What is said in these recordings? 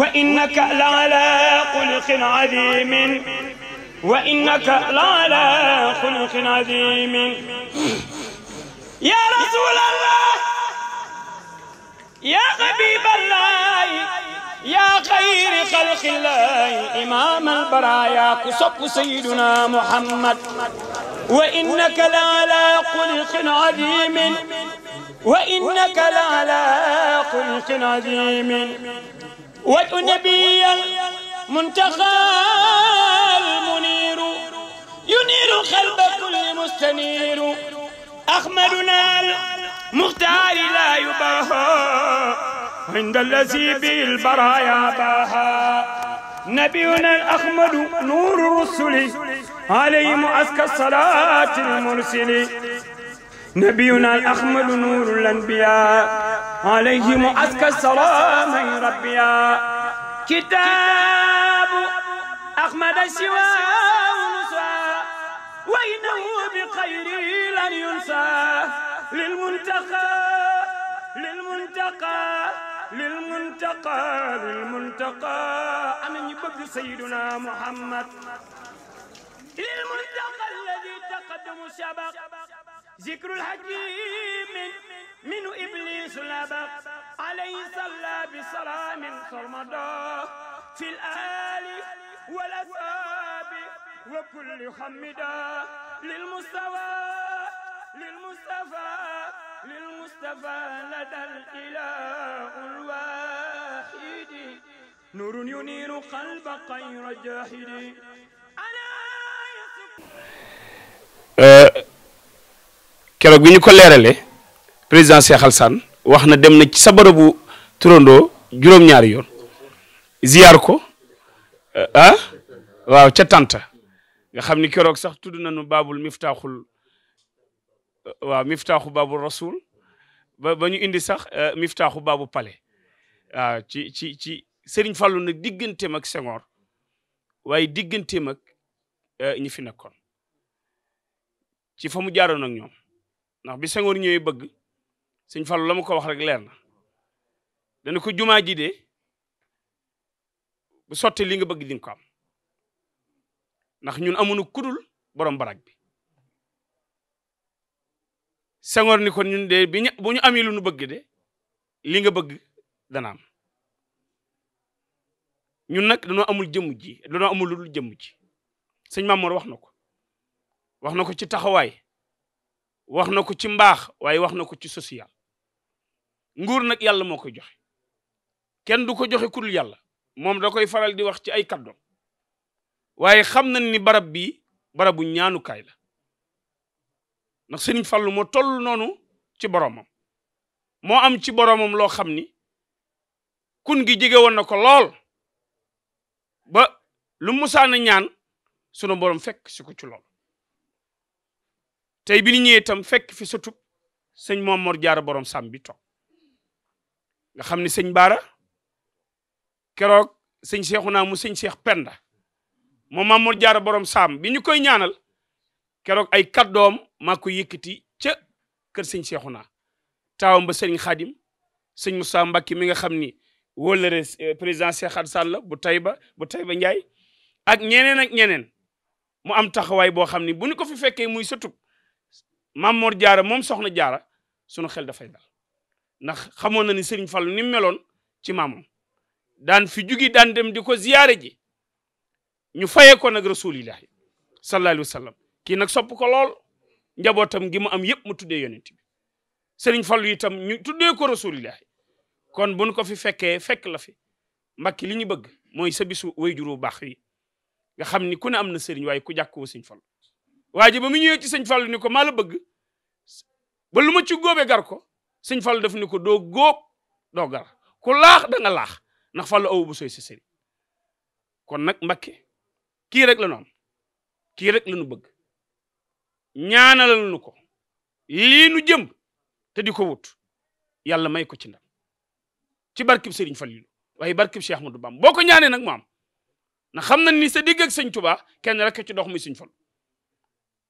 وإنك لعلى خلق عظيم وإنك لعلى خلق عظيم يا رسول الله يا حبيب الله يا خير خلق الله إمام البرايا كسب سيدنا محمد وإنك لعلى خلق عظيم وإنك لعلى خلق عظيم وجه نبي المنتقى المنير ينير قلب كل مستنير أحمدنا المختار لا يباهى عند الذي بالبرايا باها نبينا الأحمد نور الرسل عليهم أزكى الصلاة المرسل نبينا الأحمد نور الأنبياء عليهم أزكى السلام ربيا كتاب أحمد سوى نسى وإنه بخير لن ينسى للمنتقى للمنتقى للمنتقى للمنتقى أنا يبدو سيدنا محمد للمنتقى الذي تقدم شبق ذكر الحكيم من إبليس لبق عليه صلى بسلام صرمدا في الآل والأصحاب وكل حمدا للمستوى للمصطفى للمصطفى لدى الإله الواحد نور ينير قلب غير جاحد أنا keroog bi ñu ko leeralee président Cheikh Alassane wax na dem na ci sa barabu turandoo juróom-ñaari yoon ziyaar ko eh, ah waaw ca Tanta nga xam ni keroog sax tudd nañu baabul miftaaxul waaw miftaaxu baabul rasul ba ba ñu indi sax eh, miftaaxu baabu pale waaw ah, ci ci ci Serigne fallu nag digganteem ak Senghor waaye digganteem ak eh, ñi fi nekkoon ci fa mu jaaroon ñoom. ndax bi Senghor ñëwee bëgg Sëñ Fallu la mu ko wax rek leer na dana ko jumaa ji de bu sottee li nga bëgg di ko am ndax ñun amuñu kudul borom barak bi Senghor ni kon ñun de bi ñu bu amee lu ñu bëgg de li nga bëgg dana am ñun nag dañoo amul jëmm ji dañoo amul lu dul jëmm ji sëñ Mamoor wax na ko wax na ko ci taxawaay wax na ko ci mbaax waaye wax na ko ci social nguur nag yàlla moo koy joxe kenn du ko joxe kudul yàlla moom da koy faral di wax ci ay kàddoom waaye xam nañ ni barab bi barabu ñaanukaay la ndax Sëriñ Fallu moo toll noonu ci boroomam moo am ci boroomam loo xam ni kun gi jege woon na ko lool ba lu musaana ñaan sunu borom fekk si ko ci lool tey bi ñi ñëwee itam fekk fi sëtub sëñ Mame Mor jaara borom sàmm bi toog nga xam ne sëñ Baara keroog sëñ Cheikhouna mu sëñ Cheikh Penda moom Mame Mor Diarra borom sàmm bi ñu koy ñaanal keroog ay kaddoom maa ko yëkkati ca kër sëñ Cheikhouna taawam ba sëriñ Xaadim sëñ Moussa mbaki mi nga xam ni wóllare euh, président Cheikh Khady Sall bu Taïba bu Taïba Ndiaye ak ñeneen ak ñeneen mu am waay boo xam ni bu ñu ko fi fekkee muy sëtub Maam Mor Jaara moom soxna Jaara sunu xel dafay dal ndax xamoon na ni Serigne Fallou ni mu meloon ci maamam daan fi jugi daan dem di ko ziyaare ji ñu fayee ko nag rasulillahi sallallahu alayhi kii nag sopp ko lool njabootam gi mu am yëpp mu tuddee yonent bi Serigne Fallou itam ñu tuddee ko rasulillahi kon buñ ko fi fekkee fekk la fi mbakki li ñu bëgg mooy sa jur wayjuru baax yi nga xam ni ku ne am na sëriñ waaye ku jàkk Serigne Fallou waa mu ñëwee ci Serigne Fallou ba lu ma ci góobee gar ko sëñ Fallu daf ni ko doog góob doo gar ku laax da laax ndax Fallu awu bu sooy si sëriñ kon nag Mbakke kii rek la ñu am kii rek la ñu bëgg ñaanalal nu ko lii nu jëm te di ko wut yàlla may ko ci ndam ci barkib fal Fallu waaye barkib Cheikh Ahmadou Bamba boo ko ñaanee nag mu am na xam na ni sa digg ak sëñ Tuubaa kenn rek ci dox muy sëñ Fallu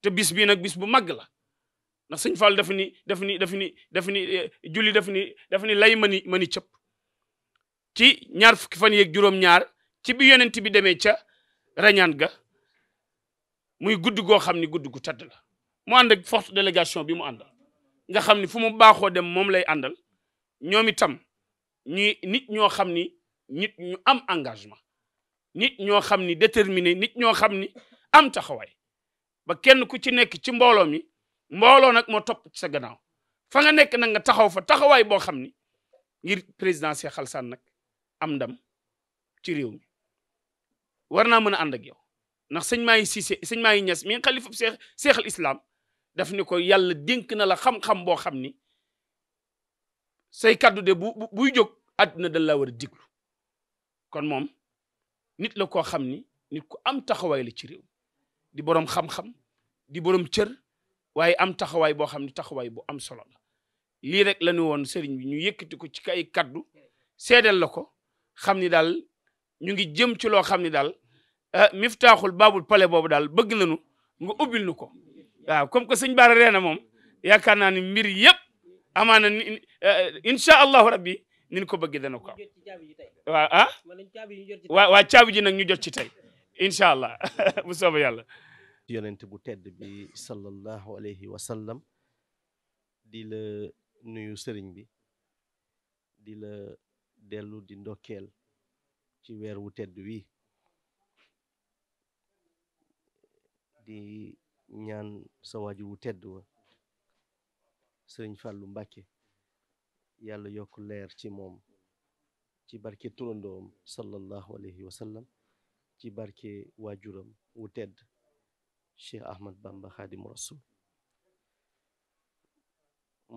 te bis bii nag bis bu mag la ndax sëñ Fall daf ni daf ni daf ni daf ni eh, julli daf ni daf ni lay mani mani cëpp ci ñaar fukki fan yeeg juróom-ñaar ci bi yonent bi demee ca rañaan ga muy gudd goo xam ni gudd gu tedd la mu ànd ak forte délégation bi mu àndal nga xam ni fu mu baaxoo dem moom lay àndal ñoom itam ñuy nit ñoo xam ni nit ñu am engagement nit ñoo xam ni déterminé nit ñoo xam ni am taxawaay ba kenn ku ci nekk ci mbooloo mi mbooloo nag moo topp ci fa nga nekk nag nga taxaw fa taxawaay boo xam ni ngir président Cheikh Alassane nag am ndam ci réew mi war naa mën a ànd ak yow ndax sëñ maa yi sëñ maa yi Ñas mi xalifa see Cheikh al Islam daf ni ko yàlla dénk na la xam boo xam ni say kaddu de bu buy jóg àdduna dañ laa war a diglu kon moom nit la koo xam ni nit ko am taxawaay la ci réew di boroom xam-xam di boroom cër waaye am taxawaay boo xam ne taxawaay bu am solo la lii rek la ñu woon sëriñ bi ñu yëkkati ko ci ay kaddu seedeel la ko xam ni daal ñu ngi jëm ci loo xam ni daal ah, miftaaxul babul pale boobu daal bëgg nañu nga ubbil nu ko waaw comme que sëñ Bara Réna moom yaakaar naa ni mbir yëpp amaana ni ah, incha allahu rabbi ni ko bëgg dana ko am waaw ah waa caabi ji nag ñu jot ci tey incha allah bu soobee yàlla yonent bu tedd bi sallallahu alayhi wa sallam di la nuyu sëriñ bi di la dellu di ndokkeel ci weer wu tedd wi di ñaan sa waajur wu tedd wa sëriñ Fàllu Mbàkke yàlla yokk leer ci moom ci barke turandoom sallallahu alayhi wa ci barke waajuram wu tedd Cheikh Ahmad Bamba Xaadimu Rasul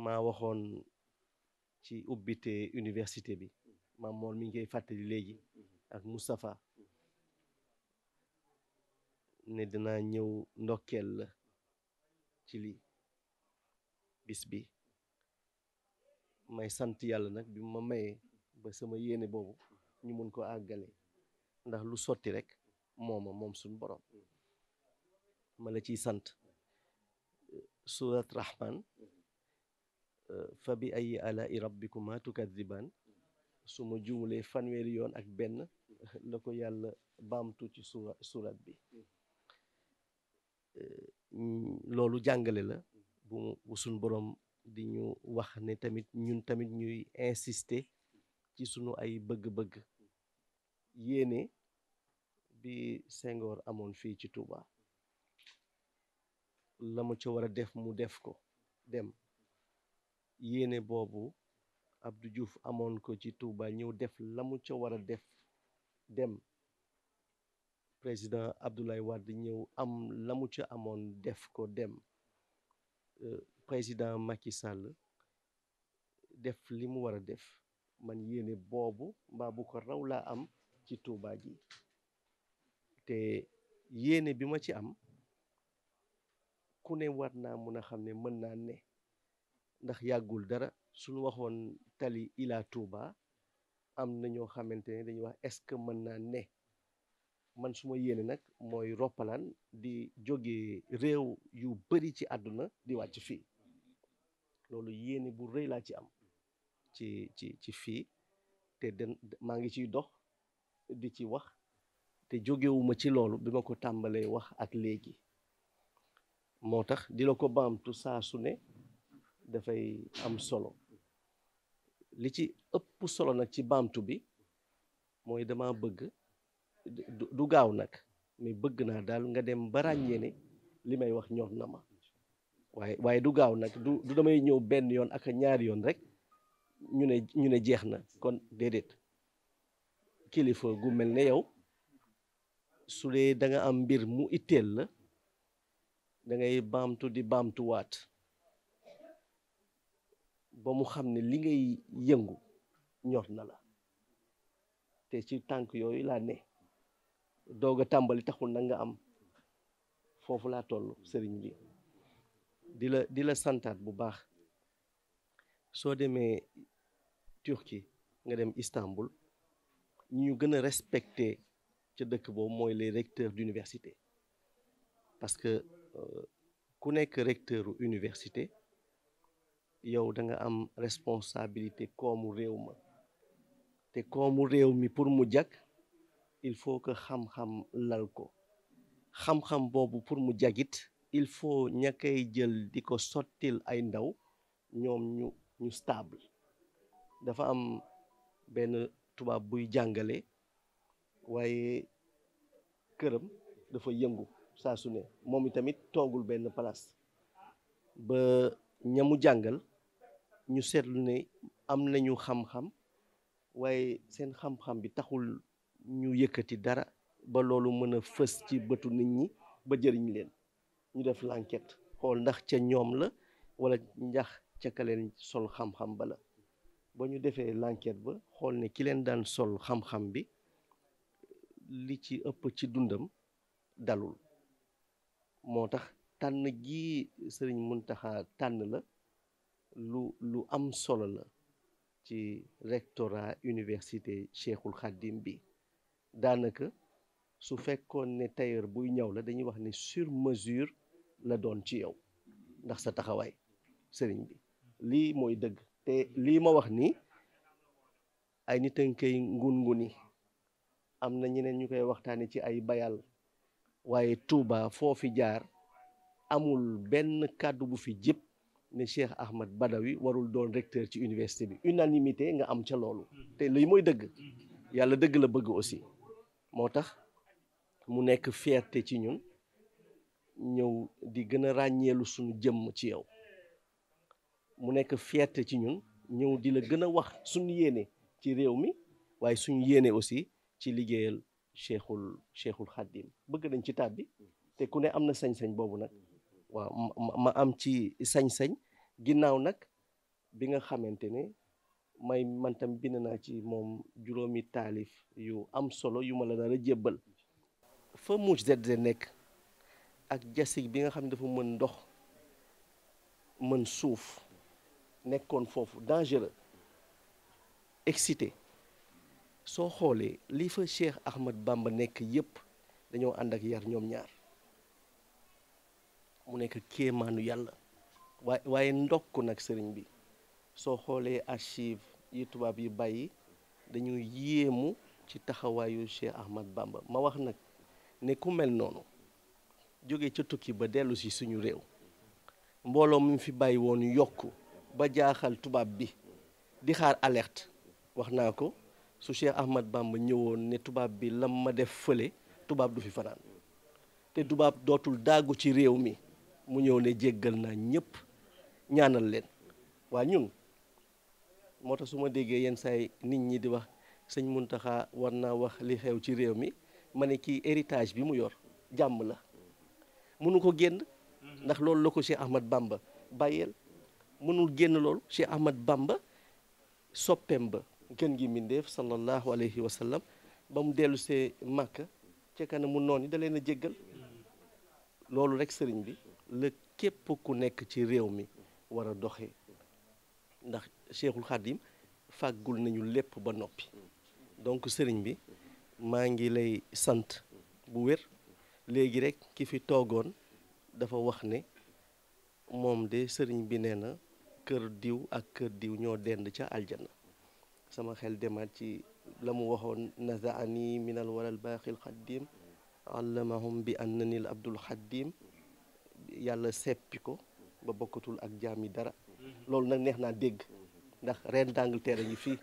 maa waxoon ci ubbite université bi maam mool mi ngi fàttali léegi ak Moustapha ne dinaa ñëw ndokkeel la ci li bis bi may sant yàlla nag bi ma mayee ba sama yéene boobu ñu mën ko àggale ndax lu sotti rek mooma moom suñ borom ma la ciy sant surat rahman fa bi ay alaa'i rabbikuma tukadibaan su ma juumulee fanweeri yoon ak benn la ko yàlla baamtu ci sura bi loolu jàngale la bu suñ boroom di ñu wax ne tamit ñun tamit ñuy insister ci sunu ay bëgg-bëgg yéene bi sengoor amoon fii ci Touba la mu ci war a def mu def ko dem yéene boobu Abdou juuf amoon ko ci Touba ñëw def la mu ca war a def dem président Abdoulaye Wade ñëw am la mu ca amoon def ko dem euh, président Macky sàll def li mu war a def man yéene boobu mbaa bu ko raw laa am ci Touba ji te yéene bi ma ci am ku ne war naa mun a xam ne mën naa ne ndax yàggul dara suñu waxoon tali ilaa Touba am na ñoo xamante ne dañuy wax est-ce que mën naa ne man suma yéene nag mooy roppalaan di jóge réew yu bari ci àdduna di wàcc fii loolu yéene bu rëy laa ci am ci ci ci fii te den maa ngi ciy dox di ci wax te jógewuma ci loolu bi ma ko tàmbalee wax ak léegi moo tax di la ko baamtu saa su ne dafay am solo li ci ëpp solo nag ci baamtu bi mooy dama bëgg du gaaw nag mais bëgg naa daal nga dem ba ràññee ne li may wax ñor na ma waaye waaye du gaaw nag du damay ñëw benn yoon ak ñaari yoon rek ñu ne ñu ne jeex na kon déedéet kilifa gu mel ne yow su dee da am mbir mu itteel la da ngay baamtu di baamtuwaat ba mu xam ne li ngay yëngu ñor na la te ci tànk yooyu laa ne doog a tàmbali taxul na nga am foofu laa toll sëriñ bi di la di la santaat bu baax soo demee Turquie nga dem Istanbul ñu gën a respecté ca dëkk boobu mooy les recteur d'université parce que ku nekk recteuru université yow danga am responsabilité koomu réew ma te koomu réew mi pour mu jag il faut que xam-xam lal ko xam-xam boobu pour mu jagit il faut ña koy jël di ko sottil ay ndaw ñoom ñu ñu stable dafa am benn tubaab buy jàngale waaye këram dafa yëngu saa su ne moom itamit toogul benn place ba ñamu jàngal ñu seetlu ne am nañu xam-xam waaye seen xam-xam bi taxul ñu yëkkati dara ba loolu mën a fës ci bëtu nit ñi ba jëriñ leen ñu def l'enquête xool ndax ca ñoom la wala njax ca ka leen sol xam-xam ba la ba ñu defee l'enquête ba xool ne ki leen daan sol xam-xam bi li ci ëpp ci dundam dalul moo tax tànn gii sëriñ taxa tànn la lu lu am solo la ci rectorat université Cheikhul Khadim bi daanaka su fekkoon ne tailleur buy ñaw la dañuy wax ni sur mesure la doon ci yow ndax sa taxawaay sëriñ bi lii mooy dëgg te lii ma wax nii ay nit a ngi koy ngun nguni am na ñeneen ñu koy waxtaanee ci ay bayal waaye Touba foo fi jaar amul benn kàddu bu fi jëpp ne Cheikh Ahmad Badawi warul doon recteur ci université bi unanimité nga am ca loolu te lii mooy dëgg yàlla dëgg la bëgg aussi moo tax mu nekk fierté ci ñun ñëw di gën a ràññeelu suñu jëmm ci yow mu nekk fierté ci ñun ñëw di la gën a wax suñ yéene ci réew mi waaye suñu yéene aussi ci liggéeyal cheikhul cheikhul xaddim bëgg nañ ci tàbbi mm-hmm. te ku ne am na sañ-sañ boobu nag mm-hmm. waaw ma am ci sañ-sañ ginnaaw nag bi nga xamante ne may man tam bind naa ci moom juróomi taalif yu am solo yu ma la nar a jébbal fa muuj zedde nekk ak jasig bi nga xam ne dafa mën ndox mën suuf nekkoon foofu dangereux excité soo xoolee li fa Cheikh Ahmad Bamba nekk yépp dañoo ànd ak yar ñoom ñaar mu nekk kéemaanu yàlla waaye waaye ndokk nag sëriñ bi soo xoolee archive yi tubaab yi bàyyi dañuy yéemu ci taxawaayu Cheikh Ahmad Bamba ma wax nag ne ku mel noonu jóge ca tukki ba dellu si suñu réew mbooloo mu fi bàyyi woon yokk ba jaaxal tubaab bi di xaar alerte wax naa ko su Cheikh Ahmad Bamba ñëwoon ne tubaab bi lam ma def fële tubaab du fi fanaan te tubaab dootul daagu ci réew mi mu ñëw ne jéggal naa ñépp ñaanal leen waa ñun moo tax su ma déggee yenn saay nit ñi di wax sëñ Muntaxa war naa wax li xew ci réew mi ma ne kii héritage bi mu yor jàmm la mënu ko génn mhm. ndax loolu la ko Cheikh Ahmad Bamba bàyyeel mënul génn loolu Cheikh Ahmad Bamba soppeem ba gën gi mbindéef sallallahu alayhi wa sallam ba mu dellu see màkka ca kanamu noon yi da leen a jéggal loolu rek sëriñ bi la képp ku nekk ci réew mi war a doxe ndax Cheikhul Khadim fàggul nañu lépp ba noppi donc sëriñ bi maa ngi lay sant bu wér léegi rek ki fi toogoon dafa wax ne moom de sëriñ bi nee na kër diw ak kër diw ñoo dend ca aljana sama xel demaat ci la mu waxoon nazaani min al walal baaxil xaddiim allamahum bi annani l abdul xaddiim yàlla seppi ko ba bokkatul ak jaam yi dara loolu neex naa dégg ndax reine d'Angleterre ngi fii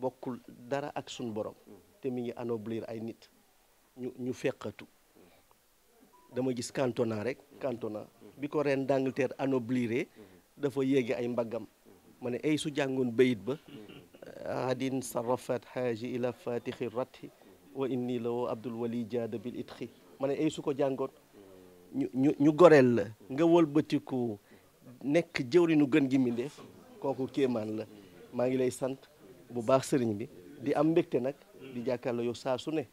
bokkul dara ak suñ borom te mi ngi anobliir ay nit ñu ñu feqatu dama gis cantona rek cantona bi ko reine d'Angleterre anobliré dafa yéegi ay mbaggam ma ne ay su jàngoon bayit ba hadin sarrafat xaaji ila fatixi rati wa inni la woo abdul wali jaada bil itxi ma ne ay su ko jàngoon ñu ñu goreel la nga wëlbatiku nekk jëwriñu gën gi mbindéef kooku kéemaan la maa ngi lay sant bu baax sëriñ bi di am mbégte nag di jàkkaarloo yow saa su ne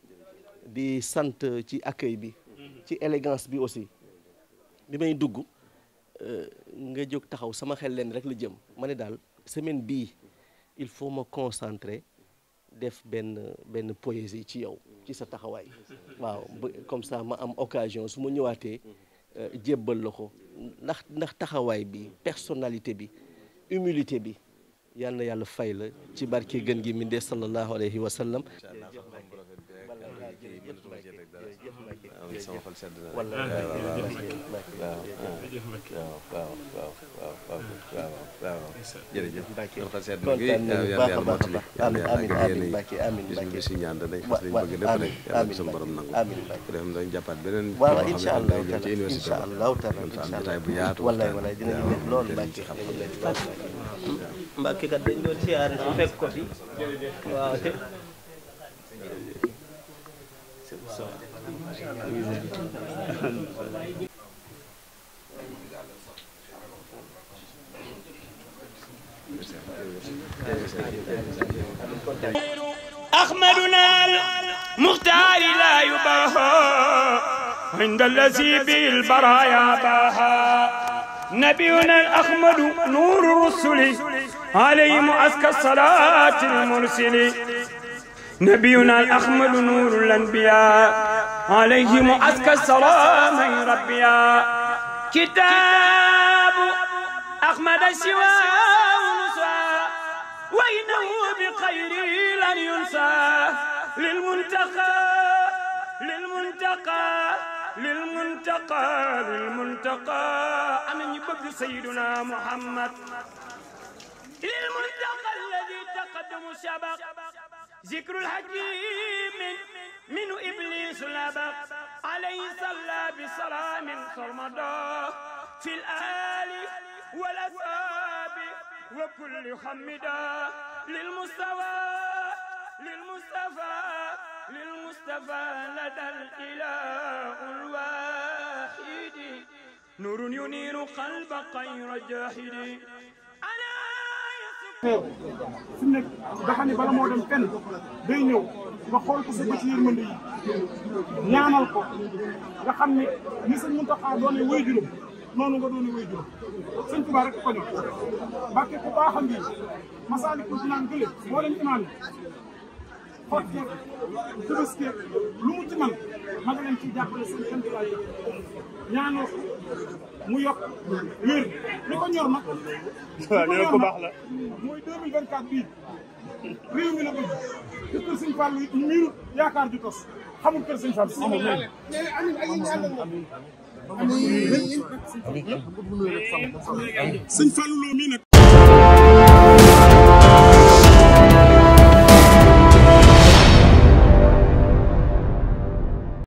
di sant ci accueil bi ci élégance bi aussi bi may dugg Euh, nga jóg taxaw sama xel leen rek la jëm ma ne daal semaine bii il faut ma concentrer def benn benn poésie ci yow ci sa taxawaay waaw comme sa ma am occasion su ma ñëwaatee euh, jébbal la ko ndax ndax taxawaay bi personnalité bi humilité bi yal yàlla fay la ci barke gën gi mi dee sallallahu alayhi wa jërëjëf jërëjëf Mbacke jërëjëf sama xol sedd na wala ah, ah, ah. waaw waaw waaw waaw waaw waaw waaw jërëjëf Mbacke xol sedd na gi baax a baax a baax amiin amiin Mbacke amiin Mbacke bis bi ñaan dañ xas lañ bëgg lépp rek yàlla sama borom nangu amiin Mbacke def dañ jàppaat beneen waaw incha allah ci université incha allah taala bu yaatu wallaay wallaay dinañu def lool Mbacke Mbacke kat dañ doon siyaare su fekk ko fi waaw أحمدنا المختار لا يباهى عند الذي بالبرايا باها نبينا الأحمد نور الرسل عليهم أزكى الصلاة المرسل نبينا الأحمد نور الأنبياء عليهم أزكى السلام ربيا كتاب أحمد سوى نسى وإنه بخير لن ينسى للمنتقى للمنتقى للمنتقى للمنتقى أمن يبقى سيدنا محمد للمنتقى الذي تقدم سبق ذكر الحكيم minu iblisu labat alayhi salla bi salaamin sarmada fi l aali wal asaabi wa kulli xamida lil mustafa lil mustafa lil mustafa ladal ilaahul waahidi nuurun yuniiru qalba xayra jaahidi mais fi mu nekk nga xam ne bala moo dem fenn day ñëw nga xool ko sa bët yërmande yi ñaanal ko nga xam ne ni sëñ Muntaxa doone wéy juróom noonu nga doone wéy juróom sëñ Tuubaa rek ko ñor Mbàkke ku baax a ngi Masaalikul Jinaan gële moo leen imaam xool bi tabaski lu mu ci man ma nga leen ci jàppale seen kent laay ñaanoo mu yokk wér li ko ñor nag. waaw nee na ku baax la. mooy 2024 bii réew mi la bëgg te kër Sëñ Fall yi miiru yaakaar ju tos xamul kër Sëñ Fall si. amul léegi amiin amiin amiin sëñ Fallou Lo mii nag.